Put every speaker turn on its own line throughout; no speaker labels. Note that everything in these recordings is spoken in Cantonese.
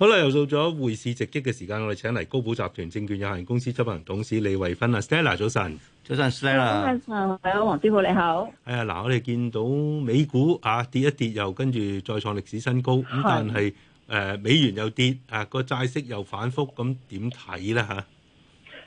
好啦，又到咗匯市直擊嘅時間，我哋請嚟高寶集團證券有限公司執行董事李慧芬啊，Stella 早晨，早晨 Stella，早晨，係啊，
黃師傅你好，
係啊，嗱，我哋見到美股啊跌一跌又，又跟住再創歷史新高，咁但係誒的、呃、美元又跌啊個債息又反復，咁點睇咧吓？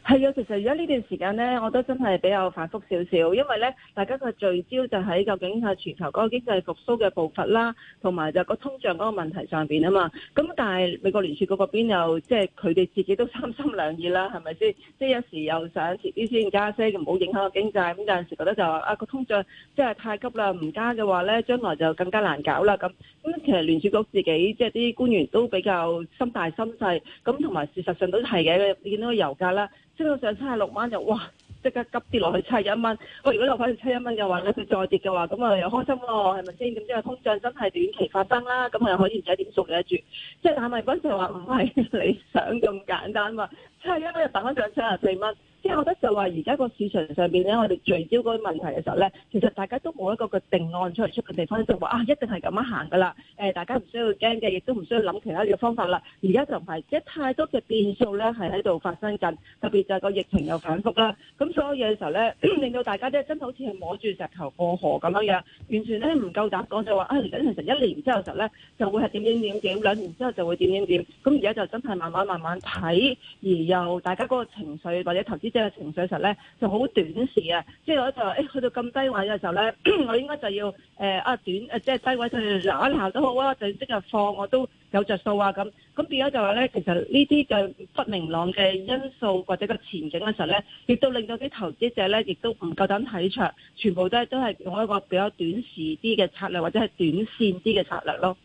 係啊，其實而家呢段時間咧，我都真係比較反覆少少，因為咧，大家嘅聚焦就喺究竟係全球嗰個經濟復甦嘅步伐啦，同埋就個通脹嗰個問題上邊啊嘛。咁但係美國聯儲局嗰邊又即係佢哋自己都三心兩意啦，係咪先？即係有時又想遲啲先加息，唔好影響個經濟；咁有陣時覺得就話啊，個通脹真係太急啦，唔加嘅話咧，將來就更加難搞啦咁。咁其實聯儲局自己即係啲官員都比較心大心細，咁同埋事實上都係嘅。你見到個油價啦，升到上七十六蚊就哇，即刻急跌落去七十一蚊。喂、哦，如果落翻去七十一蚊嘅話咧，佢再跌嘅話，咁啊又開心喎，係咪先？點知個通脹真係短期發生啦，咁又可以唔使點縮嘅住。即係但係嗰陣時話唔係你想咁簡單嘛？七十一蚊就彈翻上七十四蚊。之後咧就話而家個市場上邊咧，我哋聚焦嗰啲問題嘅時候咧，其實大家都冇一個個定案出嚟出嘅地方就，就話啊一定係咁樣行㗎啦。誒，大家唔需要驚嘅，亦都唔需要諗其他嘅方法啦。而家就唔係，即太多嘅變數咧，係喺度發生緊。特別就係個疫情又反覆啦。咁所有嘢嘅時候咧，令到大家咧真係好似係摸住石頭過河咁樣樣，完全咧唔夠膽講就話啊等其實一年之後嘅時候咧就會係點點點點，兩年之後就會點點點。咁而家就真係慢慢慢慢睇，而又大家嗰個情緒或者投資。即係情緒上咧就好短時啊！即係我就話、是欸，去到咁低位嘅時候咧，我應該就要誒啊、呃、短誒、呃、即係低位就留一下都好啊，就即刻放我都有着數啊咁。咁變咗就話咧，其實呢啲嘅不明朗嘅因素或者個前景嘅時候咧，亦都令到啲投資者咧亦都唔夠膽睇長，全部都都係用一個比較短時啲嘅策略或者係短線啲嘅策略咯。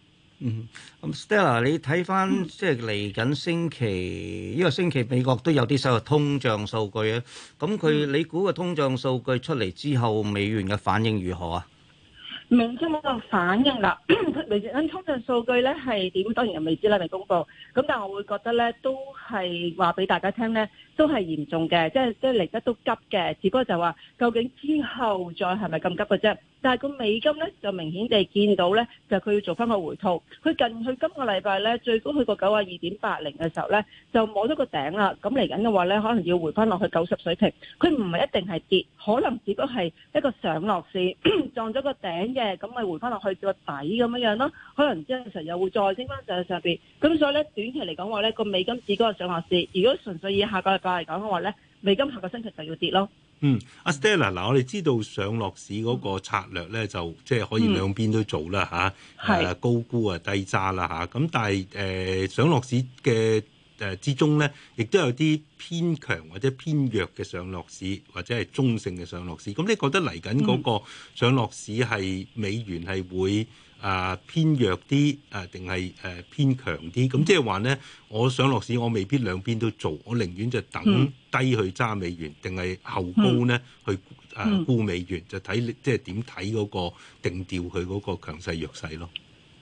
嗯，咁 Stella，你睇翻即係嚟緊星期呢個星期美國都有啲收入通脹數據咧，咁佢你估個通脹數據出嚟之後，美元嘅反應如何
啊？明顯冇個反應啦。未，咁通脹數據咧係點？當然又未知啦，未公布。咁但係我會覺得咧，都係話俾大家聽咧，都係嚴重嘅，即係即係嚟得都急嘅，只不過就話究竟之後再係咪咁急嘅啫。但係個美金咧就明顯地見到咧，就佢、是、要做翻個回吐。佢近佢今個禮拜咧最高去過九啊二點八零嘅時候咧，就冇咗個頂啦。咁嚟緊嘅話咧，可能要回翻落去九十水平。佢唔係一定係跌，可能只不過係一個上落市 撞咗個頂嘅，咁咪回翻落去個底咁樣樣咯。可能之後其實又會再升翻上去上邊。咁所以咧，短期嚟講話咧，個美金只係個上落市，如果純粹以下個禮拜嚟講嘅話咧，美金下個星期就要跌咯。
嗯，阿 Stella，嗱、嗯啊、我哋知道上落市嗰個策略咧，就即係、就是、可以兩邊都做啦嚇，誒、嗯啊、高沽啊低揸啦嚇，咁、啊、但係誒、呃、上落市嘅誒、呃、之中咧，亦都有啲偏強或者偏弱嘅上落市，或者係中性嘅上落市。咁你覺得嚟緊嗰個上落市係美元係會？啊，偏弱啲啊，定係誒偏強啲？咁即係話咧，我上落市我未必兩邊都做，我寧願就等低去揸美元，定係後高咧去誒沽美元，嗯、就睇即係點睇嗰個定調佢嗰個強勢弱勢咯。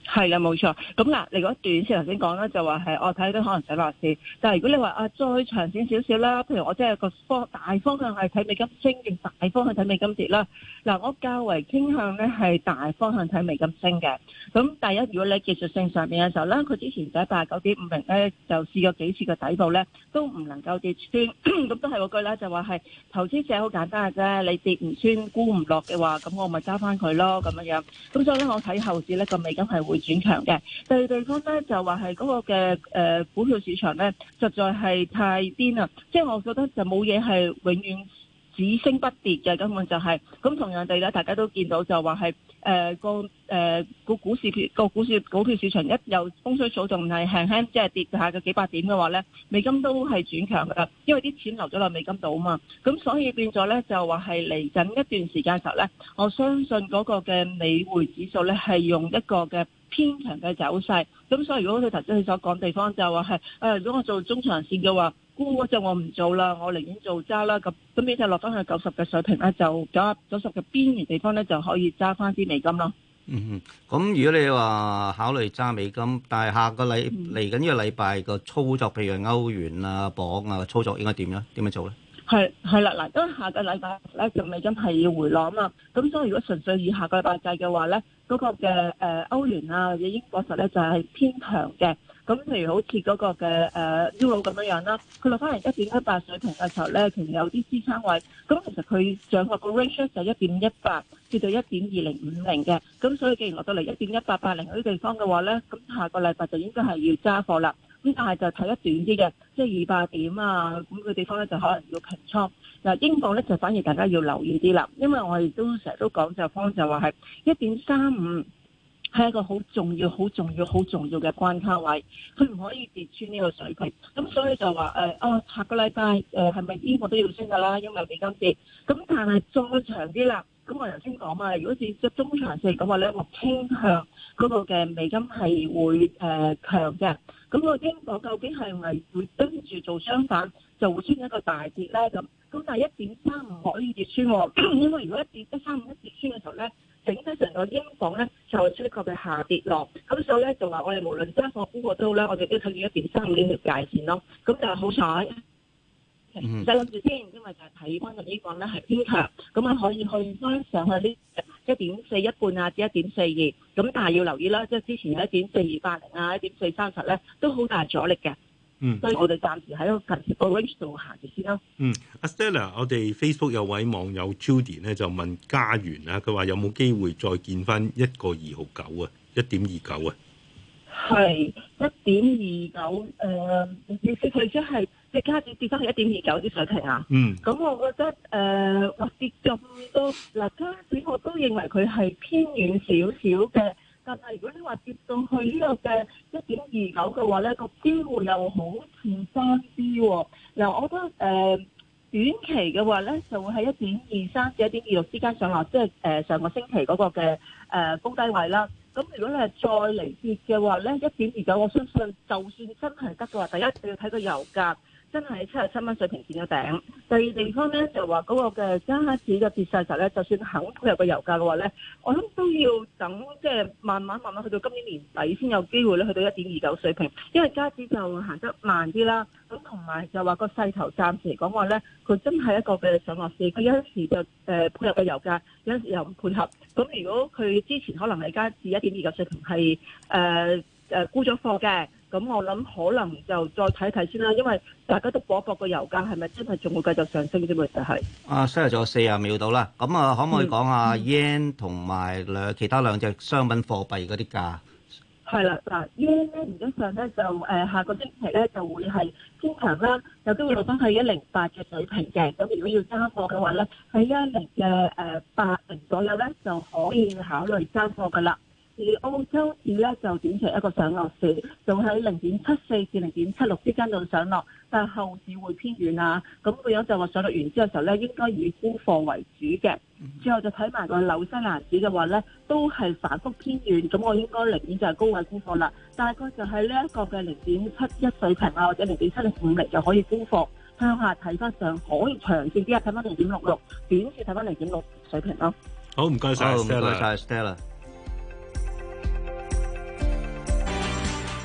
係啦，冇錯。咁嗱，你如果短線頭先講啦，就話係我睇都可能使落市。但係如果你話啊，再長線少少啦，譬如我即係個方大方向係睇美金升，定大方向睇美金跌啦。嗱，我較為傾向咧係大方向睇美金升嘅。咁第一，如果你技術性上面嘅時候咧，佢之前在八十九點五零咧就試過幾次嘅底部咧，都唔能夠跌穿。咁 都係嗰句啦，就話係投資者好簡單嘅啫，你跌唔穿沽唔落嘅話，咁我咪揸翻佢咯咁樣樣。咁所以咧，我睇後市咧個美金係會轉強嘅，第二地方咧就話係嗰個嘅誒、呃、股票市場咧，實在係太癲啊！即、就、係、是、我覺得就冇嘢係永遠只升不跌嘅，根本就係、是、咁。同樣地咧，大家都見到就話係誒個誒個股市個股市股票市場一有風吹草動，係輕輕即係跌下個幾百點嘅話咧，美金都係轉強噶，因為啲錢留咗落美金度啊嘛。咁所以變咗咧就話係嚟緊一段時間嘅時候咧，我相信嗰個嘅美匯指數咧係用一個嘅。偏強嘅走勢，咁所以如果佢頭先佢所講地方就話係，誒、哎、如果我做中長線嘅話，沽就我唔做啦，我寧願做揸啦。咁咁呢就落翻去九十嘅水平咧，就九九十嘅邊緣地方咧就可以揸翻啲美金咯。嗯哼，
咁如果你話考慮揸美金，但係下個禮嚟緊呢個禮拜個操作，譬如歐元啊、磅啊，操作應該點樣咧？點
樣做咧？係係啦，嗱，因為下個禮拜咧，就美金係要回落啊嘛，咁所以如果純粹以下個禮拜計嘅話咧，嗰、那個嘅誒歐元啊，或者英國石咧就係、是、偏強嘅，咁譬如好似嗰個嘅誒 Euro 咁樣樣、啊、啦，佢落翻嚟一點一八水平嘅時候咧，其實有啲支撐位，咁其實佢上落個 range 就一點一八至到一點二零五零嘅，咁所以既然落到嚟一點一八八零嗰啲地方嘅話咧，咁下個禮拜就應該係要揸貨啦。咁但係就睇得短啲嘅，即係二百點啊，咁、那個地方咧就可能要平倉。嗱，英鎊咧就反而大家要留意啲啦，因為我哋都成日都講就方就話係一點三五係一個好重要、好重要、好重要嘅關卡位，佢唔可以跌穿呢個水平。咁所以就話誒，哦、呃啊，下個禮拜誒係咪英鎊都要升㗎啦？因為美金跌。咁但係再長啲啦，咁我頭先講嘛。如果似中長線咁話咧，我傾向嗰個嘅美金係會誒強嘅。呃咁個英鎊究竟係咪會跟住做相反，就會出現一個大跌咧？咁咁但係一點三五唔可以跌穿喎，因為如果一跌一三五一跌穿嘅時候咧，整體成個英鎊咧就會出一個下跌落。咁所以咧，就話我哋無論揸貨估個都咧，我哋都要睇住一點三五呢條界線咯。咁就係好彩，就諗住先，因為就係睇翻個英鎊咧係偏強，咁啊可以去翻上去呢、這個。一點四一半啊，至一點四二咁，但係要留意啦，即係之前一點四二八零啊，一點四三十咧，都好大阻力嘅。嗯，所以我哋暫時喺個 range 度行住先啦。嗯，
阿 Stella，我哋 Facebook 有位網友 Judy 咧就問加元啦，佢話有冇機會再見翻一個二毫九啊，一點二九啊，係一
點二九誒，意思佢即係。即係加跌翻去一點二九啲水平啊。嗯，咁我覺得誒，話跌咁多嗱，加子我都認為佢係偏軟少少嘅。但係如果你話跌到去個呢個嘅一點二九嘅話咧，個機會又好似瞻啲喎。嗱、呃，我覺得誒、呃、短期嘅話咧，就會喺一點二三至一點二六之間上落，即係誒上個星期嗰個嘅誒、呃、高低位啦。咁如果你係再嚟跌嘅話咧，一點二九，我相信就算真係得嘅話，第一你要睇個油價。真係七十七蚊水平見到頂第。第二地方咧就話嗰個嘅加紙嘅跌勢時候咧，就算肯配合個油價嘅話咧，我諗都要等即係慢慢慢慢去到今年年底先有機會咧去到一點二九水平。因為加紙就行得慢啲啦。咁同埋就話個勢頭暫時嚟講話咧，佢真係一個嘅上落市。佢有時就誒配合個油價，有時又唔配合。咁如果佢之前可能係加紙一點二九水平係誒誒沽咗貨嘅。咁我諗可能就再睇睇先啦，因為大家都廣播個油價係咪真係仲會繼續上升啫？咪就係。
啊，剩係仲有四十秒到啦，咁啊，可唔可以講下 yen 同埋兩其他兩隻商品貨幣嗰啲價？係啦，嗱，yen
咧，原則上咧就誒下個星期咧就會係偏強啦，有機會落翻去一零八嘅水平嘅。咁如果要揸貨嘅話咧，喺一零嘅誒八零左右咧就可以考慮揸貨噶啦。澳洲市咧就短期一個上落市，仲喺零點七四至零點七六之間度上落，但後市會偏軟啊。咁佢有就我上落完之後嘅時候咧，應該以沽貨為主嘅。之、嗯、後就睇埋個紐西蘭市嘅話咧，都係反覆偏軟，咁我應該寧願就係高位沽貨啦。大概就喺呢一個嘅零點七一水平啊，或者零點七零五零就可以沽貨，向下睇翻上可以長線啲睇翻零點六六，66，短線睇翻零點六水平咯、啊。
好，唔該晒。唔該晒，Stella。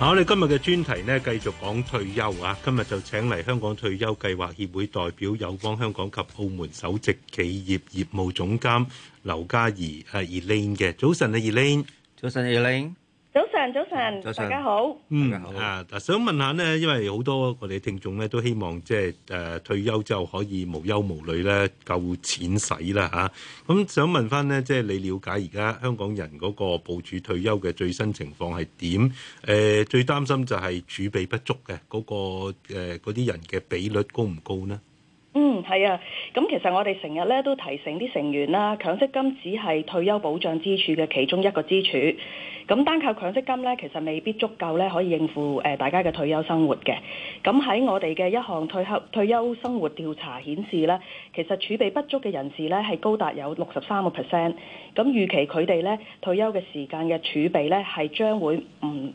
好、啊，我哋
今日嘅專題呢，繼續講退休啊！今日就請嚟香港退休計劃協會代表友邦香港及澳門首席企業業務總監劉家怡誒，Elaine 嘅。早晨啊，Elaine。早晨，Elaine。Elaine
早晨，早晨，早晨
大家好。嗯啊，嗱，想問下呢，因為好多我哋聽眾咧都希望即係誒退休之後可以無憂無慮咧，夠錢使啦吓。咁、啊嗯、想問翻呢，即係你了解而家香港人嗰個部署退休嘅最新情況係點？誒，最擔心就係儲備不足嘅嗰個誒嗰啲人嘅比率高唔高呢？
嗯，係啊，咁、嗯、其實我哋成日咧都提醒啲成員啦，強積金只係退休保障支柱嘅其中一個支柱，咁、嗯、單靠強積金咧，其實未必足夠咧可以應付誒、呃、大家嘅退休生活嘅。咁、嗯、喺我哋嘅一項退休退休生活調查顯示咧，其實儲備不足嘅人士咧係高達有六十三個 percent，咁預期佢哋咧退休嘅時間嘅儲備咧係將會唔嗯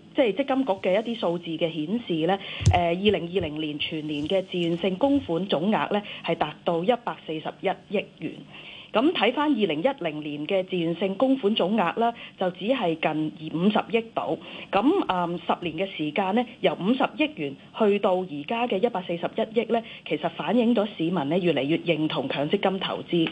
即係積金局嘅一啲數字嘅顯示呢誒，二零二零年全年嘅自願性供款總額呢係達到一百四十一億元。咁睇翻二零一零年嘅自願性供款總額啦，就只係近五十億度。咁、嗯、啊，十年嘅時間呢，由五十億元去到而家嘅一百四十一億呢，其實反映咗市民呢越嚟越認同強積金投資。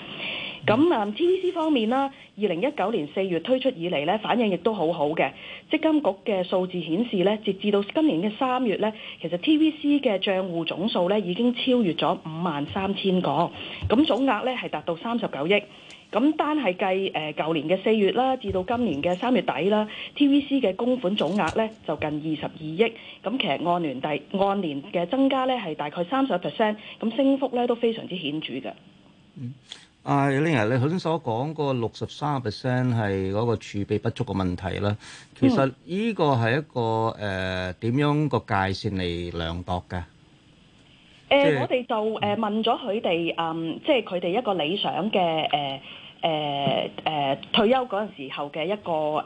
咁啊，嗯，TVC 方面啦，二零一九年四月推出以嚟呢，反應亦都好好嘅。積金局嘅數字顯示呢，截至到今年嘅三月呢，其實 TVC 嘅賬戶總數呢已經超越咗五萬三千個，咁總額呢，係達到三十九億。咁單係計誒舊年嘅四月啦，至到今年嘅三月底啦，TVC 嘅供款總額呢就近二十二億。咁其實按年第按年嘅增加呢，係大概三十 percent，咁升幅呢都非常之顯著嘅。嗯。
啊，李玲啊，你頭先所講個六十三個 percent 係嗰個儲備不足嘅問題啦，其實呢個係一個誒點、嗯呃、樣個界線嚟量度嘅？
誒、呃，就是、我哋就誒、呃、問咗佢哋，嗯、呃，即係佢哋一個理想嘅誒。呃誒誒、呃呃，退休嗰陣時候嘅一個誒誒、呃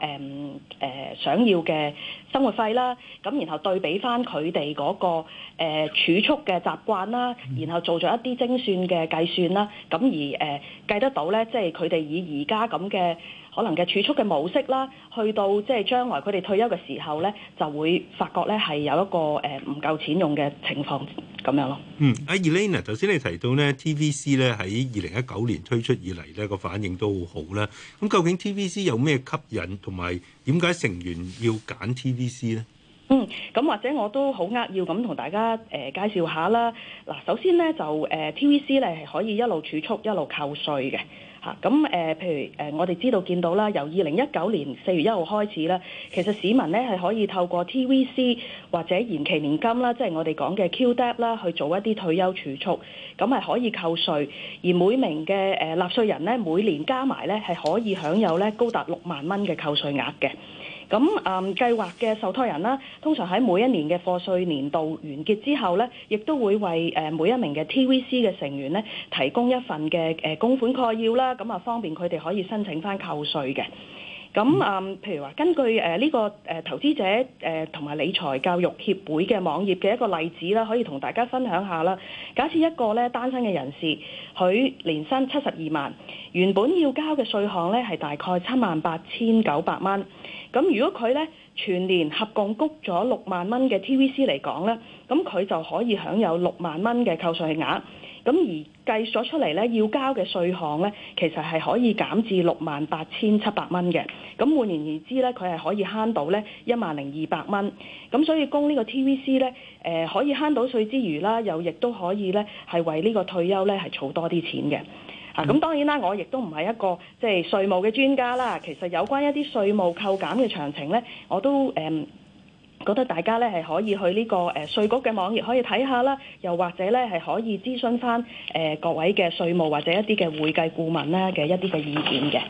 呃、想要嘅生活費啦，咁然後對比翻佢哋嗰個誒、呃、儲蓄嘅習慣啦，然後做咗一啲精算嘅計算啦，咁而誒計、呃、得到咧，即係佢哋以而家咁嘅。可能嘅儲蓄嘅模式啦，去到即係將來佢哋退休嘅時候咧，就會發覺咧係有一個誒唔夠錢用嘅情況咁樣咯。嗯，
阿 Elena，頭先你提到咧 TVC 咧喺二零一九年推出以嚟咧個反應都好啦。咁究竟 TVC 有咩吸引同埋點解成員要揀 TVC 咧？
嗯，咁或者我都好扼要咁同大家誒介紹下啦。嗱，首先咧就誒、呃、TVC 咧係可以一路儲蓄一路扣稅嘅。咁誒、呃，譬如誒、呃，我哋知道見到啦，由二零一九年四月一號開始咧，其實市民咧係可以透過 TVC 或者延期年金啦，即係我哋講嘅 QDAP 啦，去做一啲退休儲蓄，咁係可以扣稅，而每名嘅誒、呃、納稅人咧，每年加埋咧係可以享有咧，高達六萬蚊嘅扣稅額嘅。咁誒、嗯、計劃嘅受託人啦，通常喺每一年嘅課稅年度完結之後咧，亦都會為誒每一名嘅 TVC 嘅成員咧提供一份嘅誒、呃、供款概要啦，咁啊方便佢哋可以申請返扣稅嘅。咁誒、嗯，譬如話根據誒呢個誒投資者誒同埋理財教育協會嘅網頁嘅一個例子啦，可以同大家分享下啦。假設一個咧單身嘅人士，佢年薪七十二萬，原本要交嘅稅項咧係大概七萬八千九百蚊。咁如果佢咧全年合共谷咗六萬蚊嘅 TVC 嚟講咧，咁佢就可以享有六萬蚊嘅扣稅額。咁而計咗出嚟咧，要交嘅稅項咧，其實係可以減至六萬八千七百蚊嘅。咁換言而之咧，佢係可以慳到咧一萬零二百蚊。咁所以供呢個 TVC 咧，誒、呃、可以慳到稅之餘啦，又亦都可以咧係為呢個退休咧係儲多啲錢嘅。咁、嗯嗯、當然啦，我亦都唔係一個即係稅務嘅專家啦。其實有關一啲稅務扣減嘅詳情呢，我都誒、嗯、覺得大家呢係可以去呢個誒稅局嘅網頁可以睇下啦，又或者呢係可以諮詢翻誒、呃、各位嘅稅務或者一啲嘅會計顧問咧嘅一啲嘅意見嘅。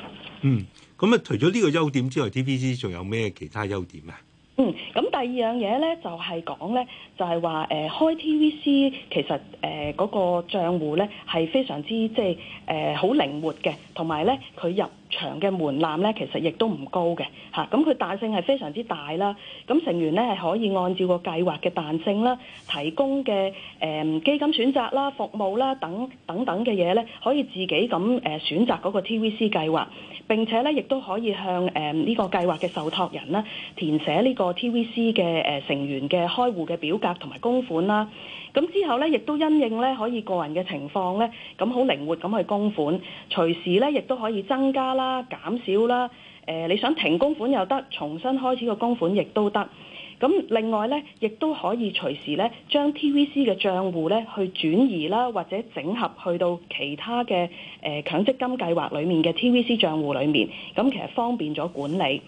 嗯，咁啊，除咗呢個優點之外，TVC 仲有咩其他優點啊？
嗯，咁第二樣嘢咧就係講咧，就係話誒開 TVC 其實誒嗰、呃嗰個賬戶咧係非常之即係誒好靈活嘅，同埋咧佢入場嘅門檻咧其實亦都唔高嘅嚇，咁佢彈性係非常之大啦，咁、啊、成員咧係可以按照個計劃嘅彈性啦，提供嘅誒、呃、基金選擇啦、服務啦等等等嘅嘢咧，可以自己咁誒、呃、選擇嗰個 TVC 計劃。並且咧，亦都可以向誒呢個計劃嘅受託人啦，填寫呢個 TVC 嘅誒成員嘅開戶嘅表格同埋供款啦。咁之後咧，亦都因應咧可以個人嘅情況咧，咁好靈活咁去供款，隨時咧亦都可以增加啦、減少啦。誒，你想停供款又得，重新開始個供款亦都得。咁另外咧，亦都可以隨時咧將 TVC 嘅帳戶咧去轉移啦，或者整合去到其他嘅誒強積金計劃裡面嘅 TVC 帳戶裡面，咁其實方便咗管理。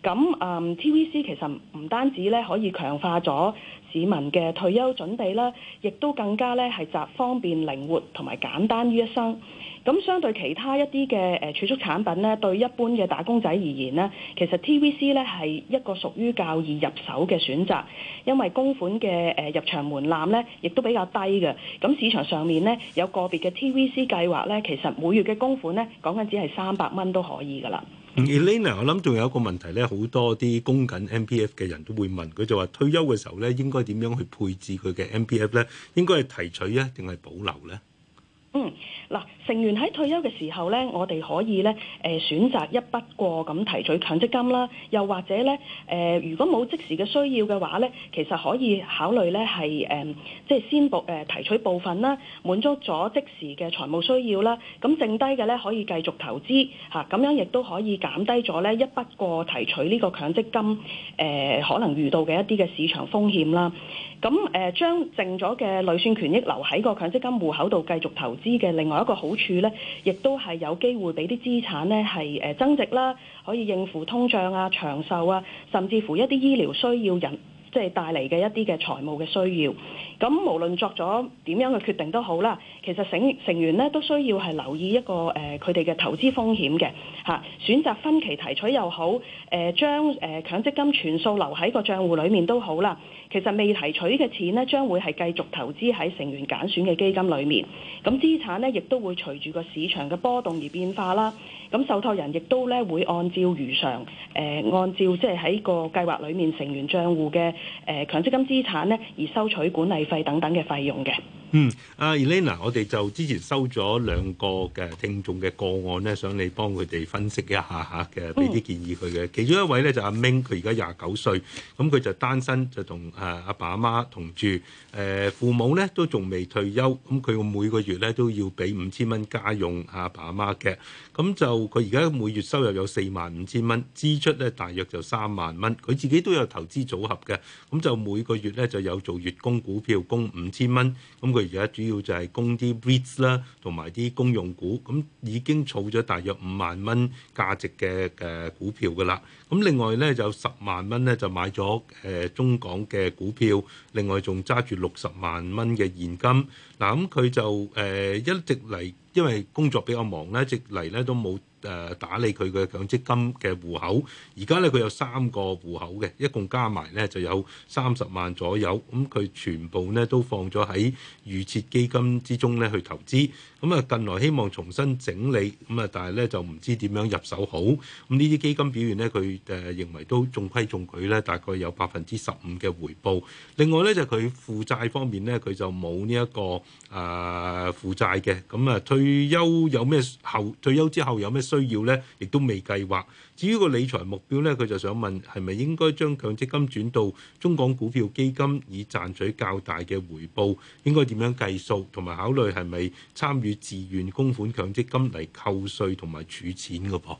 咁啊，um，TVC 其實唔單止咧可以強化咗市民嘅退休準備啦，亦都更加咧係集方便、靈活同埋簡單於一身。咁相對其他一啲嘅誒儲蓄產品呢，對一般嘅打工仔而言呢，其實 TVC 呢係一個屬於較易入手嘅選擇，因為供款嘅誒入場門檻呢，亦都比較低嘅。咁市場上面呢，有個別嘅 TVC 計劃呢，其實每月嘅供款呢，講緊只係三百蚊都可以噶啦。
Elena，我諗仲有一個問題呢，好多啲供緊 MPF 嘅人都會問，佢就話退休嘅時候呢，應該點樣去配置佢嘅 MPF 呢？應該係提取啊，定係保留呢？嗯，
嗱。成員喺退休嘅時候咧，我哋可以咧，誒選擇一筆過咁提取強積金啦，又或者咧，誒如果冇即時嘅需要嘅話咧，其實可以考慮咧係誒，即係先部誒提取部分啦，滿足咗即時嘅財務需要啦，咁剩低嘅咧可以繼續投資吓，咁樣亦都可以減低咗咧一筆過提取呢個強積金誒可能遇到嘅一啲嘅市場風險啦。咁誒將剩咗嘅累算權益留喺個強積金戶口度繼續投資嘅，另外一個好。處咧，亦都係有機會俾啲資產咧係誒增值啦，可以應付通脹啊、長壽啊，甚至乎一啲醫療需要人、即係、就是、帶嚟嘅一啲嘅財務嘅需要。咁無論作咗點樣嘅決定都好啦，其實成成員咧都需要係留意一個誒佢哋嘅投資風險嘅嚇，選擇分期提取又好，誒將誒強積金全數留喺個帳戶裡面都好啦。其實未提取嘅錢呢，將會係繼續投資喺成員揀選嘅基金裏面。咁資產呢亦都會隨住個市場嘅波動而變化啦。咁受託人亦都咧會按照如常，誒、呃、按照即係喺個計劃裏面成員帳戶嘅誒、呃、強積金資產呢而收取管理費等等嘅費用嘅。
嗯，阿 Elena，我哋就之前收咗兩個嘅聽眾嘅個案咧，想你幫佢哋分析一下吓嘅，俾啲建議佢嘅。其中一位咧就阿 Ming，佢而家廿九歲，咁佢就單身，就同誒阿爸阿媽同住。誒父母咧都仲未退休，咁佢每個月咧都要俾五千蚊家用阿爸阿媽嘅。咁就佢而家每月收入有四萬五千蚊，支出咧大約就三萬蚊。佢自己都有投資組合嘅，咁就每個月咧就有做月供股票供五千蚊。咁。佢而家主要就係供啲 REITs 啦，同埋啲公用股，咁已經儲咗大約五萬蚊價值嘅誒、呃、股票噶啦。咁另外咧就十萬蚊咧就買咗誒、呃、中港嘅股票，另外仲揸住六十萬蚊嘅現金。嗱，咁佢就誒一直嚟，因為工作比較忙咧，一直嚟咧都冇誒打理佢嘅強積金嘅戶口，而家咧佢有三個戶口嘅，一共加埋咧就有三十萬左右。咁佢全部咧都放咗喺預設基金之中咧去投資。咁啊近來希望重新整理，咁啊但係咧就唔知點樣入手好。咁呢啲基金表現咧，佢誒認為都中規中矩，咧，大概有百分之十五嘅回報。另外咧就佢負債方面咧、這個，佢就冇呢一個誒負債嘅。咁啊退休有咩後退休之後有咩需需要咧，亦都未計劃，至於個理財目標咧，佢就想問，係咪應該將強積金轉到中港股票基金，以賺取較大嘅回報，應該點樣計數同埋考慮係咪參與自願供款強積金嚟扣稅同埋儲錢嘅噃？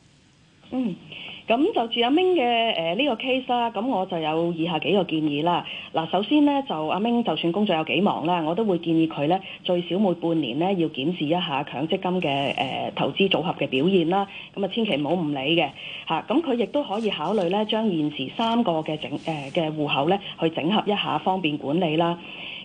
嗯，咁就住阿明嘅誒呢個 case 啦，咁我就有以下幾個建議啦。嗱，首先呢，就阿明就算工作有幾忙啦，我都會建議佢呢，最少每半年呢，要檢視一下強積金嘅誒、呃、投資組合嘅表現啦。咁啊，千祈唔好唔理嘅吓，咁佢亦都可以考慮呢，將現時三個嘅整誒嘅戶口呢，去整合一下，方便管理啦。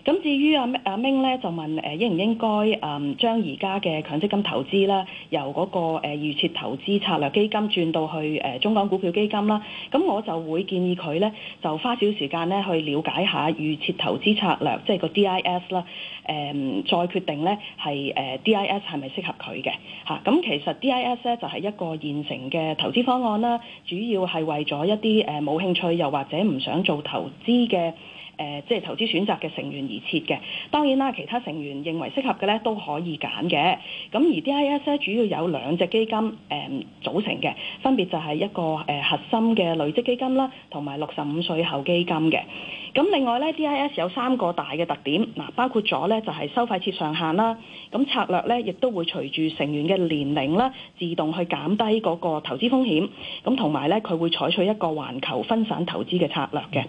咁至於阿阿 Ming 咧就問誒應唔應該誒將而家嘅強積金投資啦，由嗰個誒預設投資策略基金轉到去誒中港股票基金啦。咁我就會建議佢咧，就花少時間咧去了解下預設投資策略，即係個 D I S 啦。誒再決定咧係誒 D I S 係咪適合佢嘅嚇。咁其實 D I S 咧就係一個現成嘅投資方案啦，主要係為咗一啲誒冇興趣又或者唔想做投資嘅。誒、呃，即係投資選擇嘅成員而設嘅。當然啦，其他成員認為適合嘅咧都可以揀嘅。咁而 DIS 咧主要有兩隻基金誒、呃、組成嘅，分別就係一個誒、呃、核心嘅累積基金啦，同埋六十五歲後基金嘅。咁另外咧，DIS 有三個大嘅特點，嗱，包括咗咧就係、是、收費設上限啦。咁策略咧亦都會隨住成員嘅年齡啦，自動去減低嗰個投資風險。咁同埋咧，佢會採取一個環球分散投資嘅策略嘅。嗯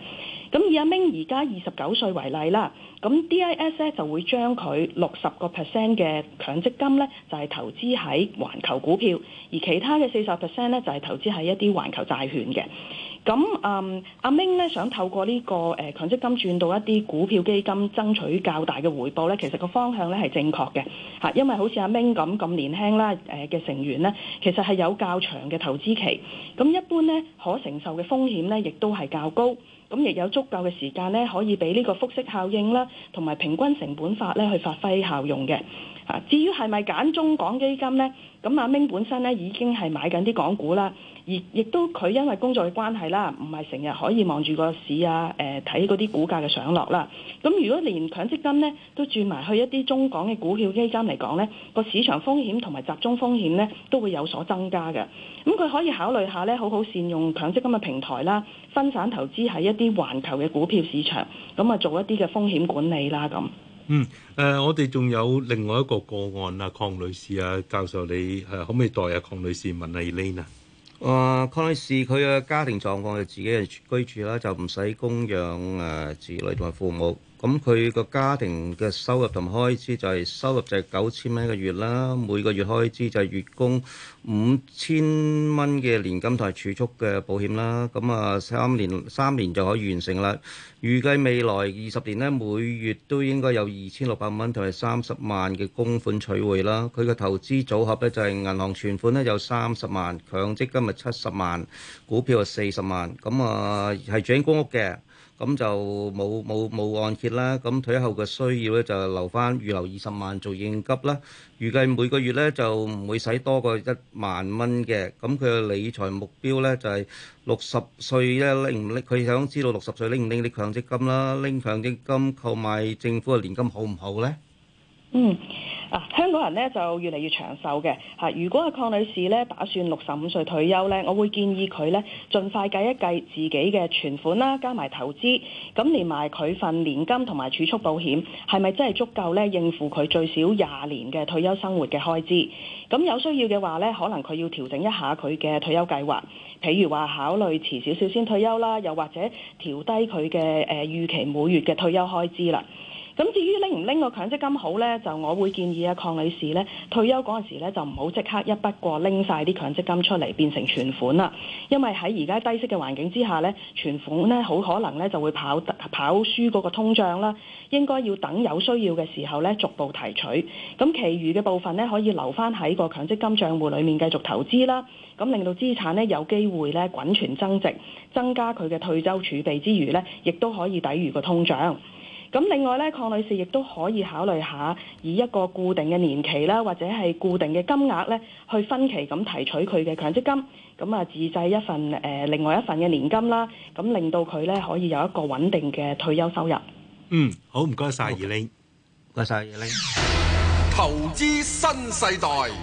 咁以阿 Ming 而家二十九歲為例啦，咁 D I S 呢就會將佢六十個 percent 嘅強積金咧，就係、是、投資喺環球股票，而其他嘅四十 percent 呢就係、是、投資喺一啲環球債券嘅。咁啊，阿、嗯、Ming 呢想透過呢個誒強積金轉到一啲股票基金，爭取較大嘅回報咧，其實個方向咧係正確嘅嚇，因為好似阿 Ming 咁咁年輕啦，誒嘅成員咧，其實係有較長嘅投資期，咁一般咧可承受嘅風險咧，亦都係較高。咁亦有足夠嘅時間咧，可以俾呢個複息效應啦，同埋平均成本法咧去發揮效用嘅。啊，至於係咪揀中港基金呢？咁阿明本身咧已經係買緊啲港股啦，而亦都佢因為工作嘅關係啦，唔係成日可以望住個市啊，誒睇嗰啲股價嘅上落啦。咁如果連強積金咧都轉埋去一啲中港嘅股票基金嚟講咧，個市場風險同埋集中風險咧都會有所增加嘅。咁佢可以考慮下咧，好好善用強積金嘅平台啦，分散投資喺一啲環球嘅股票市場，咁啊做一啲嘅風險管理啦咁。嗯，
誒、呃，我哋仲有另外一個個案啊，鄺、呃、女士啊，教授你誒、呃，可唔可以代啊、呃，鄺女士問阿 Lena？
啊，康女士佢嘅家庭狀況係自己人居住啦，就唔使供養誒子女同埋父母。咁佢個家庭嘅收入同開支就係、是、收入就係九千蚊一個月啦，每個月開支就係月供五千蚊嘅年金同埋儲蓄嘅保險啦。咁啊三年三年就可以完成啦。預計未來二十年呢，每月都應該有二千六百蚊同埋三十萬嘅供款取回啦。佢嘅投資組合咧就係銀行存款咧有三十萬強積金。七十萬，股票啊四十萬。咁啊，係住公屋嘅，咁就冇冇冇按揭啦。咁退休嘅需要咧，就留翻預留二十萬做應急啦，預計每個月咧，就唔會使多過一萬蚊。嘅咁佢嘅理財目標咧，就係六十歲咧，拎唔拎，佢想知道六十歲拎唔拎啲強積金啦，拎強積金購買政府嘅年金好唔好咧？
嗯。啊，香港人咧就越嚟越長壽嘅嚇、啊。如果阿鄺女士咧打算六十五歲退休咧，我會建議佢咧盡快計一計自己嘅存款啦，加埋投資，咁、啊、連埋佢份年金同埋儲蓄保險，係咪真係足夠咧應付佢最少廿年嘅退休生活嘅開支？咁有需要嘅話咧，可能佢要調整一下佢嘅退休計劃，譬如話考慮遲少少先退休啦，又或者調低佢嘅誒預期每月嘅退休開支啦。咁至於拎唔拎個強積金好呢，就我會建議阿、啊、鄺女士呢，退休嗰陣時呢，就唔好即刻一筆過拎晒啲強積金出嚟變成存款啦，因為喺而家低息嘅環境之下呢，存款呢，好可能呢就會跑跑輸嗰個通脹啦。應該要等有需要嘅時候呢逐步提取。咁，其餘嘅部分呢，可以留翻喺個強積金帳戶裡面繼續投資啦。咁令到資產呢，有機會呢滾存增值，增加佢嘅退休儲備之餘呢，亦都可以抵禦個通脹。咁另外咧，鄺女士亦都可以考慮下以一個固定嘅年期啦，或者係固定嘅金額咧，去分期咁提取佢嘅強積金，咁啊自製一份誒、呃、另外一份嘅年金啦，咁令到佢咧可以有一個穩定嘅退休收入。嗯，
好唔該曬，二靚，唔該晒好，二葉你投資新世代。